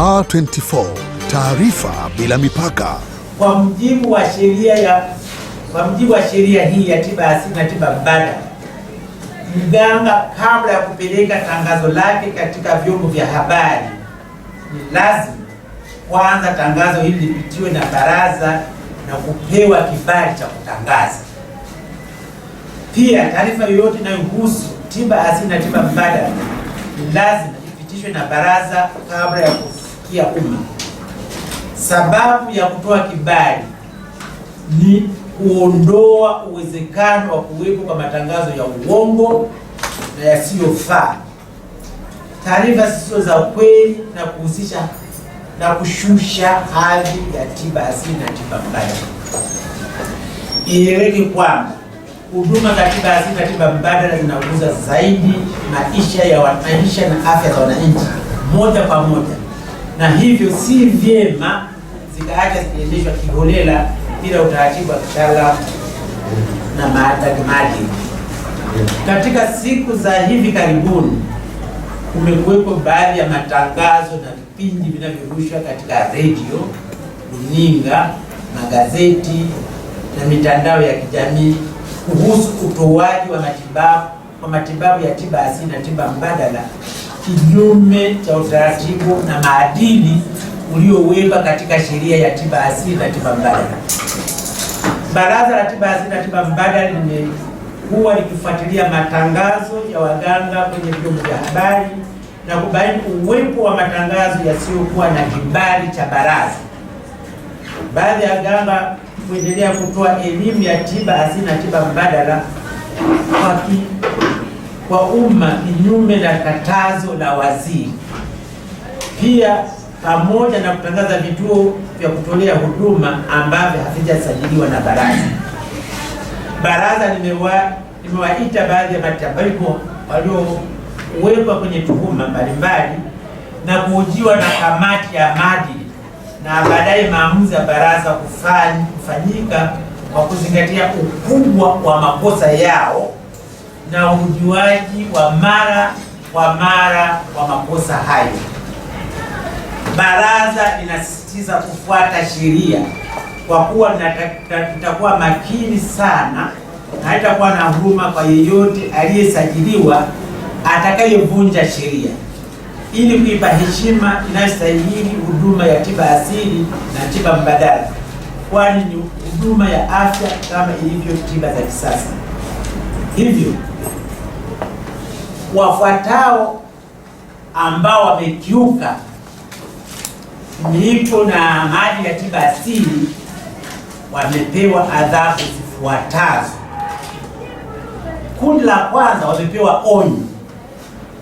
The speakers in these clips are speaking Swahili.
Star 24 taarifa bila mipaka. Kwa mujibu wa sheria ya kwa mujibu wa sheria hii ya tiba asili na tiba mbadala, mganga kabla ya kupeleka tangazo lake katika vyombo vya habari, ni lazima kwanza tangazo hili lipitiwe na baraza na kupewa kibali cha kutangaza. Pia taarifa yoyote inayohusu tiba asili na tiba mbadala ni lazima ipitishwe na baraza kabla ya ya umma. Sababu ya kutoa kibali ni kuondoa uwezekano wa kuwepo kwa matangazo ya uongo na yasiyofaa, taarifa zisizo za kweli na kuhusisha na kushusha hadhi ya tiba asili na tiba mbadala. Ieleweke kwamba huduma za tiba asili na tiba mbadala zinaguza zaidi maisha ya wananchi na afya za wananchi moja kwa moja na hivyo si vyema zikaacha zikiendeshwa kiholela bila utaratibu wa kitaalamu na maadili. Katika siku za hivi karibuni kumekuwepo baadhi ya matangazo na vipindi vinavyorushwa katika redio, runinga, magazeti na mitandao ya kijamii kuhusu utoaji wa matibabu kwa matibabu ya tiba asili na tiba mbadala kinyume cha utaratibu na maadili uliowekwa katika sheria ya tiba asili na tiba mbadala. Baraza la Tiba Asili na Tiba Mbadala limekuwa likifuatilia matangazo ya waganga kwenye vyombo vya habari na kubaini uwepo wa matangazo yasiyokuwa na kibali cha baraza. Baadhi ya waganga kuendelea kutoa elimu ya tiba asili na tiba mbadala kwa kwa umma kinyume na katazo la waziri, pia pamoja na kutangaza vituo vya kutolea huduma ambavyo havijasajiliwa na baraza. Baraza limewaita baadhi ya matabibu waliowekwa kwenye tuhuma mbalimbali na kuhojiwa na kamati ya maadili na baadaye maamuzi ya baraza kufanyika kwa kuzingatia ukubwa wa makosa yao na ujuaji wa mara kwa mara wa makosa hayo. Baraza linasisitiza kufuata sheria kwa kuwa tutakuwa makini sana na haitakuwa na huruma kwa yeyote aliyesajiliwa atakayevunja sheria ili kuipa heshima inayostahili huduma ya tiba asili na tiba mbadala, kwani ni huduma ya afya kama ilivyo tiba za kisasa. Hivyo wafuatao ambao wamekiuka mito na maji ya tiba asili wamepewa adhabu zifuatazo. Kundi la kwanza wamepewa onyo.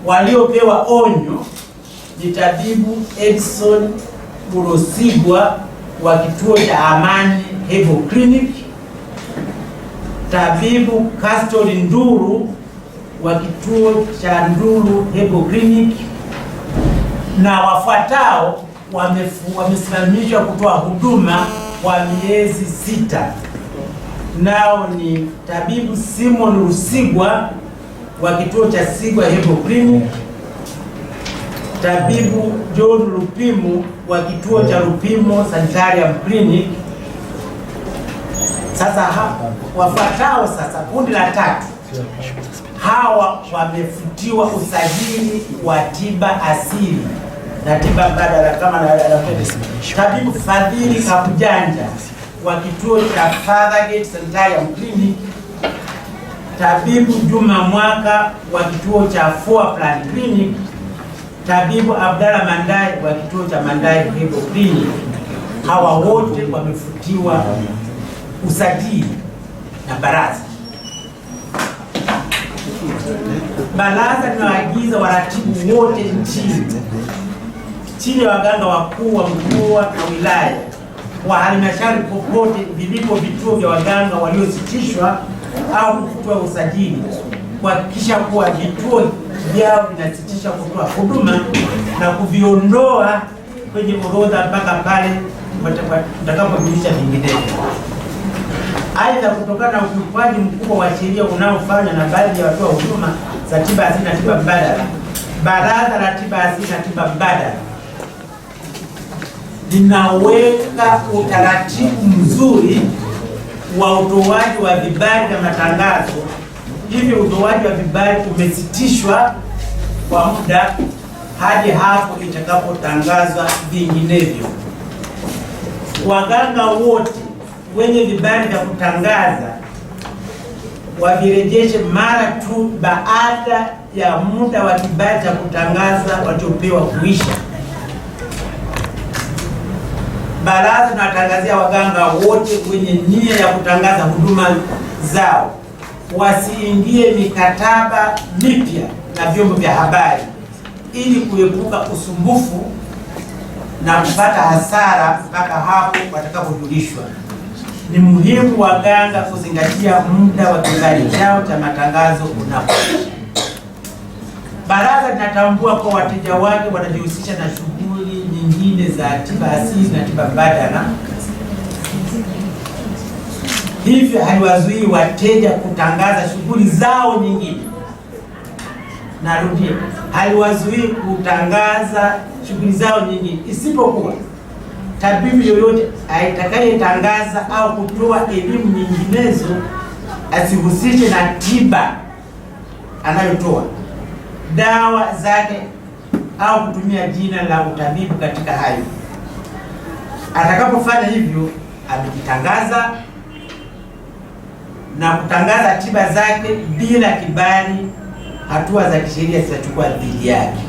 Waliopewa onyo ni Tabibu Edson Bulosigwa wa kituo cha Amani Herbal Clinic, Tabibu Castor Nduru wa kituo cha Nduru Herbal Clinic na wafuatao wamesimamishwa kutoa huduma kwa miezi sita, nao ni tabibu Simon Rusigwa wa kituo cha Sigwa Herbal Clinic, tabibu John Lupimu wa kituo cha Lupimo Sanitarium Clinic. Sasa hapo wafuatao sasa, kundi la tatu hawa wamefutiwa usajili wa tiba asili na tiba mbadala kama Tabibu Fadhili Kapujanja wa kituo cha Fathergate Sanitarium Clinic, Tabibu Juma Mwaka wa kituo cha Foreplan Clinic, Tabibu Abdalla Mandai wa kituo cha Mandai Hebo Clinic. Hawa wote wamefutiwa usajili na baraza Baraza linawaagiza waratibu wote nchini chini ya waganga wakuu wa mkoa na wilaya wa halmashauri popote vilipo vituo vya waganga waliositishwa au kutoa usajili kuhakikisha kuwa vituo vyao vinasitisha kutoa huduma na kuviondoa kwenye orodha mpaka pale tutakapojulisha vinginevyo. Aidha, kutokana na ukiukwaji mkubwa wa sheria unaofanywa na baadhi ya watoa huduma za tiba asili na tiba mbadala. Baraza la tiba asili na tiba mbadala linaweka utaratibu mzuri wa utoaji wa vibali na matangazo. Hivi utoaji wa vibali umesitishwa kwa muda hadi hapo itakapotangazwa vinginevyo. Waganga wote wenye vibali vya kutangaza wavirejeshe mara tu baada ya muda wa kibali cha kutangaza walichopewa kuisha. Baraza tunatangazia waganga wote wenye nia ya kutangaza huduma zao wasiingie mikataba mipya na vyombo vya habari ili kuepuka usumbufu na kupata hasara mpaka hapo watakapojulishwa ni muhimu waganga kuzingatia muda wa kibali chao cha matangazo unapoisha. Baraza linatambua kwa wateja wake wanajihusisha na shughuli nyingine za tiba asili na tiba mbadala, hivyo haiwazuii wateja kutangaza shughuli zao nyingine. Narudia, haiwazuii kutangaza shughuli zao nyingine isipokuwa tabibu yoyote aitakayetangaza au kutoa elimu nyinginezo asihusishe na tiba anayotoa, dawa zake au kutumia jina la utabibu katika hayo. Atakapofanya hivyo, amejitangaza na kutangaza tiba zake bila kibali, hatua za kisheria zitachukua dhidi yake.